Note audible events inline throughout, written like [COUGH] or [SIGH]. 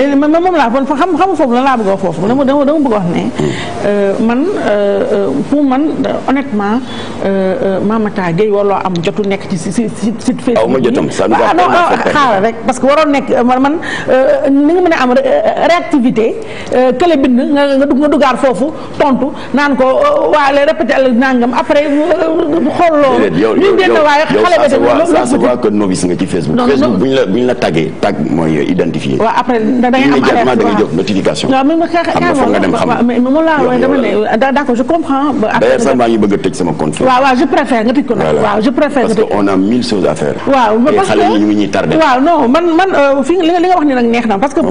léegi man moom laa kon fa xam foofu la laa bëgg wax ne euh, man euh, euh, pour man honnêtement Mamata Gueye warloo am jotu nekk ci si si si si Facebook waaw ah, non ah, xaaral rek parce que waroon nekk man man ni nga mën am réactivité kële bind nga nga dugg nga duggaat foofu tontu naan ko waa les répété al nangam après xool loolu ñu génn waaye xale ba la buñ la taggee tag mooy identifié waaw après da ngay am alerte waaw immédiatement da ngay jot notification. xam nga foog nga dem xam waaw mais mu laa dama ne d'accord je comprends. d'ailleurs sax maa ngi bëgg a tëj sama compte. waaw waaw je préfère nga tëj ko nag. waaw je préfère nga tëj parce que a waaw non man fi li nga wax ni nag neex na parce que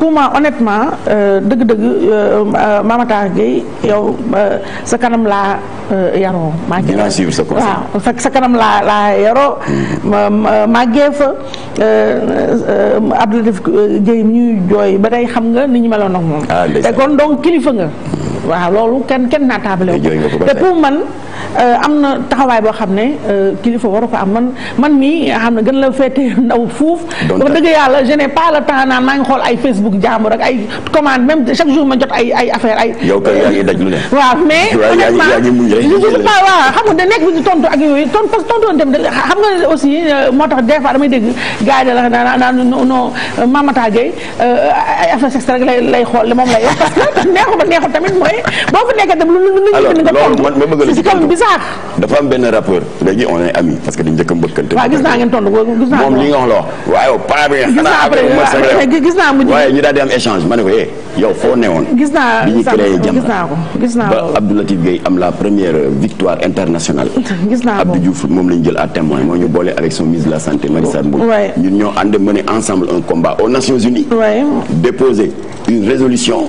pour moi honnêtement dëgg-dëgg Mamata Gueye sa kanam laa yaroo. maa ngi laa suivre sa conseil waaw ñuy jooy ba tey xam nga ni ñu meloon ak moom. Ah, te kon donc kilifa nga. waaw loolu kenn kenn naataable te pour man euh, am na taxawaay boo xam ne euh, kilifa waru a am man man mii nga xam ne gën la féete [LAUGHS] ndaw fuuf ba dëgg yàlla je n'ai pas le temps naan maa ngi xool ay Facebook jàmbur ak ay commande même chaque jour ma jot ay affaire ay yow kay [LAUGHS] mais da nekk bi di tontu parce que tontu woon tamit xam nga aussi euh, moo tax des fois damay dégg gars yi da la naan naan non Mamata ay affaire sexuelle rek lay lay xool moom lay wax neexu ba neexu tamit mooy boo fi nekkee dem lu lu nga njëkk ni nga tontu alors loolu man ma bëgg la comme bizarre dafa am benn rappeur léegi on est amis parce que dañu njëkk a mbëkkante waaw moom li nga la wax waaye paa bi xanaa après gis naa mujj waaye ko eh, gis naa bi ñu créé Jamra gis naa ba Abdou Latif Gueye am la première victoire internationale [LAUGHS] gis naa Abdou Diouf moom la ñu jël à témoin moo ñu boole avec son ministre de la santé Macky Sall Mboup ñun ñoo ànd mener ensemble un combat aux Nations Unies déposer une résolution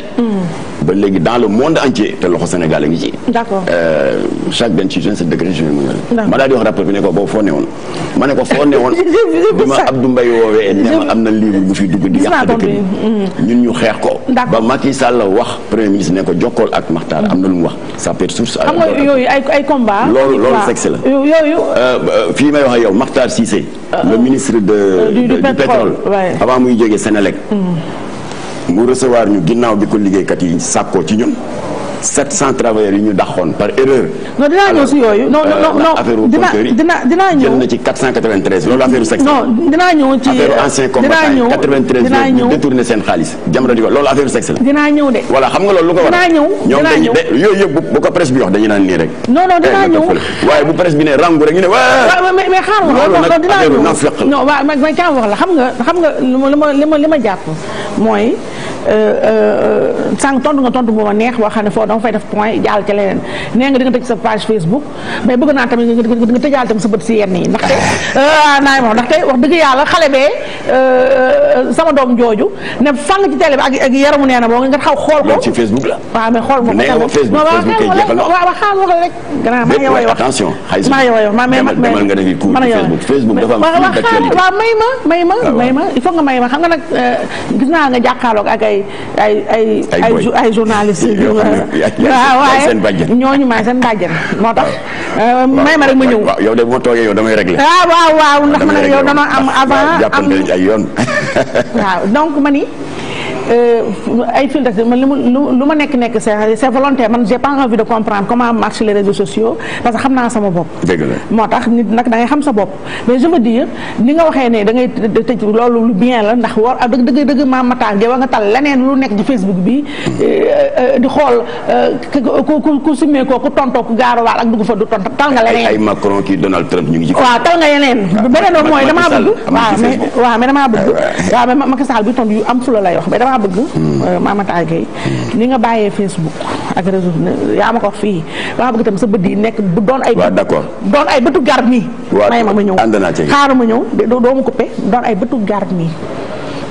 ba léegi dans le monde entier te loxo Sénégal a ngi ci. d'accord euh, chaque benn ci vingt-sept degré juillet mu ngi ma daal wax rapport bi ne ko boo foo ne woon. ma ne ko foo ne woon di ma Abdou Mbaye woowee ne ma am na livre mu fi dugg di yàq dëkk bi mm. ñun ñu xeex ko. ba Macky la wax premier ministre ne ko jokkool ak Makhtar am na lu mu wax. ça peut être source à. lool nga euh, yooyu ay sexe la. yooyu. Euh, fii may wax ak yow Makhtar Cissé. le ministre de du pétrole avant muy jógee Sénélec. Mm. mu recevoir ñu ginnaaw bi ko liggéeykat yi sàkkoo ci ñun 700 travailleurs yi ñu daxoon par erreur. non dinaa ñëw si yooyu. non non non euh, affaire compteur yi dina dinaa ñëw jël na ci 493 de. xam nga a. yooyu yëpp bu ko presse bi wax dañu naan nii rek. non non eh, dinaa ñëw waaye bu presse bi ne rangu rek ñu ne waa. waaw mais wax la xam nga xam nga li ma li ma jàpp mooy Euh, euh, sànq tontu nga tontu bu a neex wax ne foofu dama fay def point jàll ca leneen nee nga di tëj sa page Facebook mais bëgg naa tamit di nga tëjaal tamit [LAUGHS] euh, ah, ne fang ci télé bi ak ak yaramu nee na boo nga xaw xool ko ci Facebook may ma may ma il faut nga may ma xam nga nag gis naa nga jàkkaarloog ak ay ay ay ay ay journaliste yu [LAUGHS] waaye ñooñu maay seen bàjjen moo tax euh, may ma rek ma ñëw yow de moo toogee yow damay régler waaw ah, waaw waaw ndax man ak yow danoo am avant am ay yoon [LAUGHS] waaw donc ma Euh, ay filtres man li mu lu ma nekk nekk c'est volontaire man j'ai pas envie de comprendre comment marchent les réseaux sociaux parce que xam naa sama bopp. la moo tax nit nag da ngay xam sa bopp mais je veux dire ni nga waxee ne da tëj loolu lu bien la ndax war dëgg dëgg dëgg maam ma nga tal leneen lu nekk ci Facebook bi euh, euh, di xool ku ku summee tontoo ku gaaruwaal ak dugg fa du tont tal nga leneen. ay tal nga yeneen. Ah, beneen mooy damaa bëgg waaw mais waaw bëgg. Hmm. Euh, Mamata Gueye hmm. ni nga bàyyee Facebook ak réseau yaa ma ko fii dama bëgg itam sa bët yi nekk bu doon ay. waaw d'accord doon ay bëtu garab nii. may ma ma ñëw ànd naa ci ma ñëw doo ma coupé doon ay bëtu garab nii.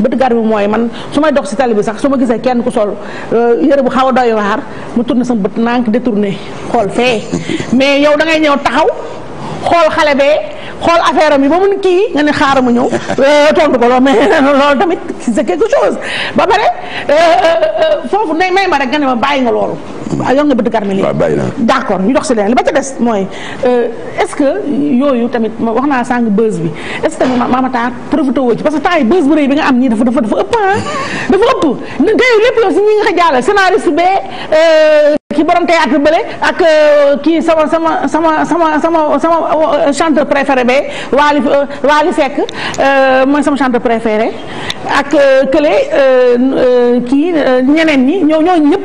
bët gar bi mooy man su may dox ci tali bi sax su ma gisee kenn ku sol euh, yére bu xaw a doy waar mu tourné sama bët nànk détourné xool fee [LAUGHS] mais yow da ngay ñëw taxaw. xool xale bee xool affaire am yi ba mun kii nga ne xaaral ma ñëw [LAUGHS] eh, tontu ko loolu mais [LAUGHS] loolu tamit c'est quelque chose ba pare eh, eh, foofu nay may ma rek nga ne ma bàyyi nga loolu. Ah, waaw yoon nga bëgg a waaw ñu dox si leneen li des mooy est ce que yooyu tamit wax naa sàng buzz bi est ce que tamit maama taa profité que temps yi buzz bu rëy bi nga am ñii dafa dafa ëpp ah dafa ëpp gars yi lépp yow si ñi nga ko jàllale scénariste bee ci borom théâtre bële ak euh, kii sama sama sama sama sama sama euh, chanteur préféré ba Waly euh, Waly Seck mooy sama chanteur préféré ak kële kii ñeneen ñi ñëw ñoo ñëpp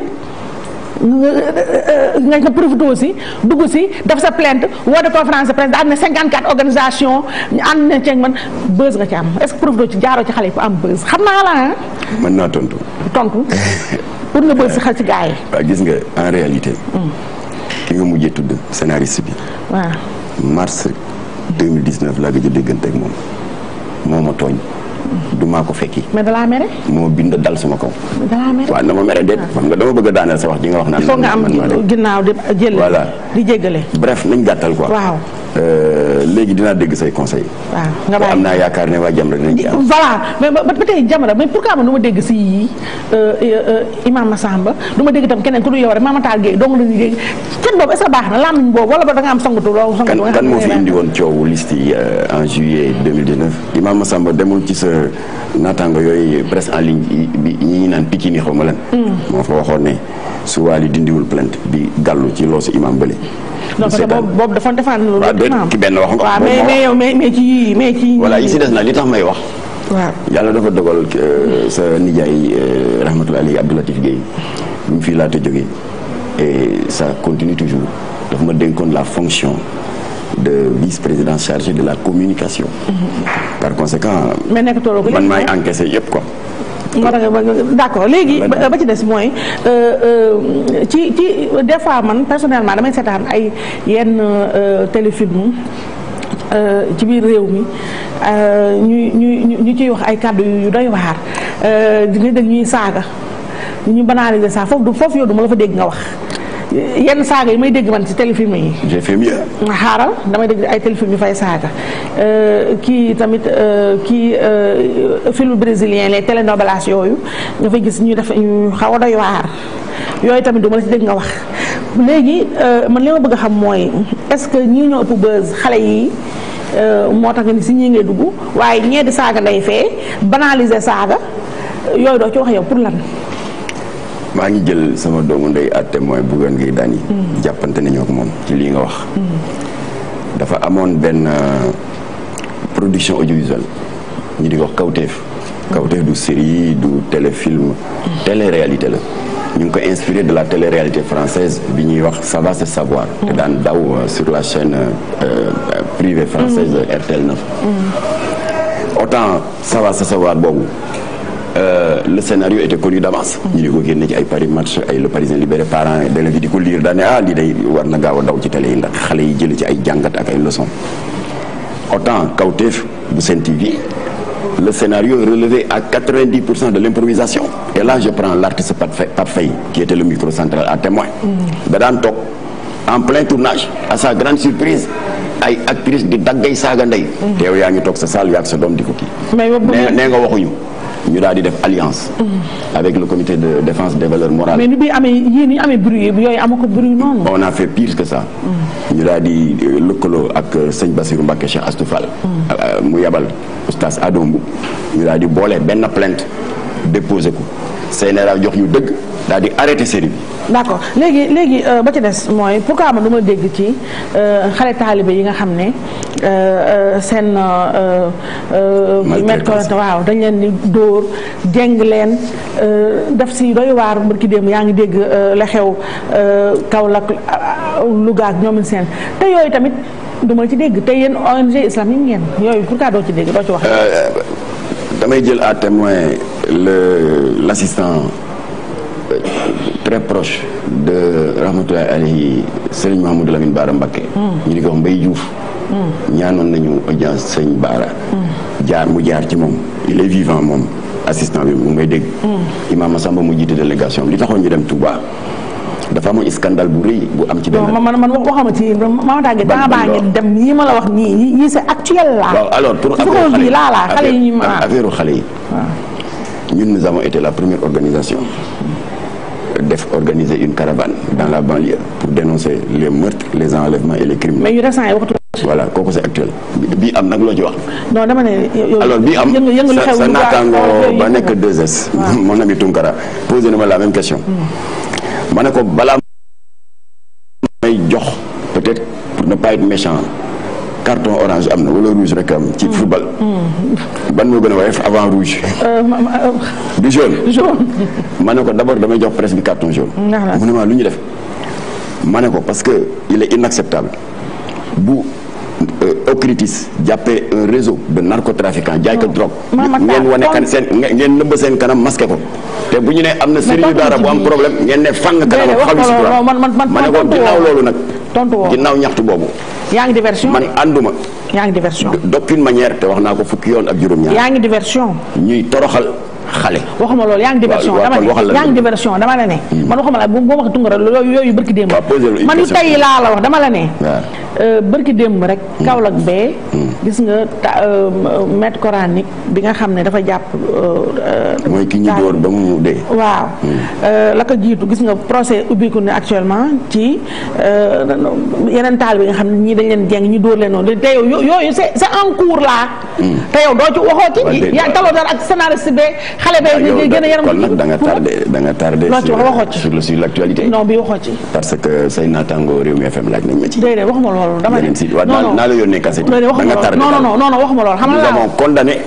nga nga profité aussi dugg si daf sa plainte woote conférence de presse daal ne 54 organisation ànd na ceeg man bës nga ci am est-ce que profité ci jaaro ci xale yi ku am bës xam naa la ah. mën naa tontu. tontu. [LAUGHS] pour nga bëri si xel si gis nga en réalité. Hmm. ki nga mujjee tudd scénariste bi. waaw mars 2019 laa gëj a déggante ak moom moo ma tooñ. Hmm. du ko fekki. mais dalaa mere. moo bind dal sama kaw. dalaa na ma mere déet. Ah. xam nga dama bëgg a sa wax ji nga wax naan. man man nga am ginnaaw di jël. bref nañ gàttal quoi. waaw. Euh, léegi dinaa dégg say conseil waaw nga bàyyi am naa yaakaar ne waa Jamra dinañ ci am. voilà mais ba ba tey Jamra mais pourquoi man du ma euh, euh, euh, ma dégg tam keneen ku du yow rek Mame Matar Gueye dong la ñuy dégg kenn boobu est-ce que na làmmiñ boobu wala ba nga am songatu loolu. yooyu presse en ligne bi naan picc xaw ma lan. Hmm. moo fa waxoon ne su waali dindiwul plainte bi gàllu ci loosu imam bële. non parce que boobu dafa defaan loolu. waaw ki benn wax donc waaw mais mais yow mais mais ci mais ci. voilà yi si des na li tax may wax. waaw yàlla dafa dogal euh, sa nijaay euh, rahmatulah aleyhi Abdou Latif Guèye mu fii laata jógee et ça continue toujours daf ma dénkoon la fonction. de vice-président chargé de la communication. Mm-hmm. par conséquent. mais nekkatoo ko man maay encaissé yëpp quoi. moo tax d'accord léegi ba ci des mooy euh, ci ci des fois man personnellement damay seetaan ay yenn téléfilm. ci biir réew mi euh, ñuy ñu ñu ciy wax ay kàddu yu doy waar euh, di nga dégg ñuy saaga ñu banaliser saa foofu du foofu yow du ma la fa dégg nga wax yenn saaga yi may dégg man ci téléfilm yi. j'ai xaaral damay dégg ay téléfilm yu fay saaga euh, kii tamit kii film brésilien les telenovelas yooyu nga fay gis ñu def ñu xaw a doy waar yooyu tamit du la ci dégg nga wax léegi man li ma bëgg a xam mooy est-ce que ñi ñoo ëpp buzz xale yi. Euh, moo tax nga ni si ñii ngay dugg waaye ñee di saaga nday fee banaliser saaga yooyu doo ci wax yow pour lan. maa ngi jël sama doomu ndey à témoin buggoon ngay daan yi. Mm. jàppante nañu moom ci lii nga wax. Mm. dafa amoon benn euh, production audiovisuelle ñu di wax kawteef. Mm. kawteef du série du téléfilm. téléréalité la. ñu ngi ko inspiré de la télé-réalité française bi ñuy wax ça va se savoir. te daan daw euh, sur la chaîne privée française mm. RTL 9 mm. autant ça va se savoir boobu Euh, le scénario était connu d'avance. Mm. ay Paris match ay le Parisien libéré parents d'élèves yi di ko lire daane ah lii day war na a daw ci télé yi ndax xale yi jëlee ci ay jàngat ak ay leçons autant kawteef bu Sen TV le scénario relevé à 90 pour cent de l'improvisation et là je prends l'artiste Pape Faye qui était le micro central à témoin da daan toog en plein tournage à sa grande surprise ay actrice di daggay saaga ndey mhm. teew yaa ngi toog sa saal yaag sa doom di ko kii nee nga waxuñu ñu daal def alliance mhm. avec le comité de défense des valeurs morales mais ni bi amee yéen ñi amee bruit yooyu amu ko bruit noonu on a fait pire que ça mhm. ñu daal euh, lëkkaloo ak euh, sëñ Bassirou Mbacké Cheikh Astou euh, mu yabal oustaz Adombu ñu daal boole benn plainte déposé ko CNRA jox ñu dëgg daal di arrêté série bi. d' accord léegi léegi euh, ba ci des mooy pourquoi ma du ma dégg ci euh, xale taalibe yi nga xam ne euh, seen. maltraitance waaw dañ leen di dóor jeng leen def si doy waar ki démb yaa ngi dégg la xew Kaolack Louga ak ñoom seen te yooyu tamit du ci dégg te yéen ONG islamique ngeen yooyu pourquoi doo ci dégg doo ci wax. damay jël à témoin le l' très proche de rahmatullahi alayhi sëriñ Mouhamadou Lamine Baara Mbacké hmm. ñu di ko wax Mbaye Diouf hmm. ñaanoon nañu audience sëñ Baara hmm. jaar mu jaar ci moom il est vivant moom assistant bi mu may dégg Imam Samba mu jiite délégation li taxoon ñu dem Touba dafa amoon scandale bu rëy bu am ci benn. ma tàggee temps baa ngi dem yi ma la wax nii yi c'est actuel la. waaw alors pour affaire xale yi affaire xale yi. Ah. ñun nous avons la première organisation. def organiser une caravane dans la banlieue pour dénoncer les meurtres les enlèvements et les crimes. mais yu récent yi waxtu. voilà kooku c'est actuel bii am nag loo ci wax. alors bii am sa sa ba nekk 2S. waaw mon ami Tunkara posé na la même question. ma ne ko balaa may jox peut-être pour ne pas être méchant. carton orange am na wala rouge rek am. ci football. Hmm. ban moo gën a woyof avant rouge. [LAUGHS] Euh, euh, du jaune. jaune. ma ne ko d' abord damay jox presse bi carton jaune. mu ne ma lu ñu def. ma ne ko parce que il est inacceptable bu euh, Ocritis jàppee un réseau de narcotrafiquants jaay ko hmm. drogue. ngeen wane kan seen ngeen nëbb seen kanam masqué ko. te bu ñu ne am na sëriñu daara bu am problème ngeen ne fang kanam xalu si man man man man man yaa ngi di version man ànduma. yaa ngi di version d'aucune manière te wax naa ko fukki yoon ak juróom-ñaar. yaa ngi di ñuy toroxal. xale waxuma loolu yaa ngi diversion dama la ne hmm. man waxuma la bu ma wax tungara loolu yooyu bërki démb man yu laa la wax dama la ne euh, bërki démb rek hmm. Kaolack bee hmm. gis nga euh, maître coranique bi nga xam ne dafa jàpp euh, mooy ki ñu door ba mu dee waaw la gis nga procès ubbiku ne actuellement ci yeneen taal bi nga xam ne ñii dañ leen jeng ñu dóor leen noonu te yow yooyu c'est en cours là te yow doo ci waxoo ci yaa taloo dara ak scénariste bee xale bay a yaram kon nag da nga tardé da nga tardé sur le sur l'actualité non bi waxoo parce que say naataango réew mi FM laaj nañ ma ci déedéet waxuma loolu dama ne naa la yónnee cassette da nga tardé non non non waxuma loolu xam nga nous avons condamné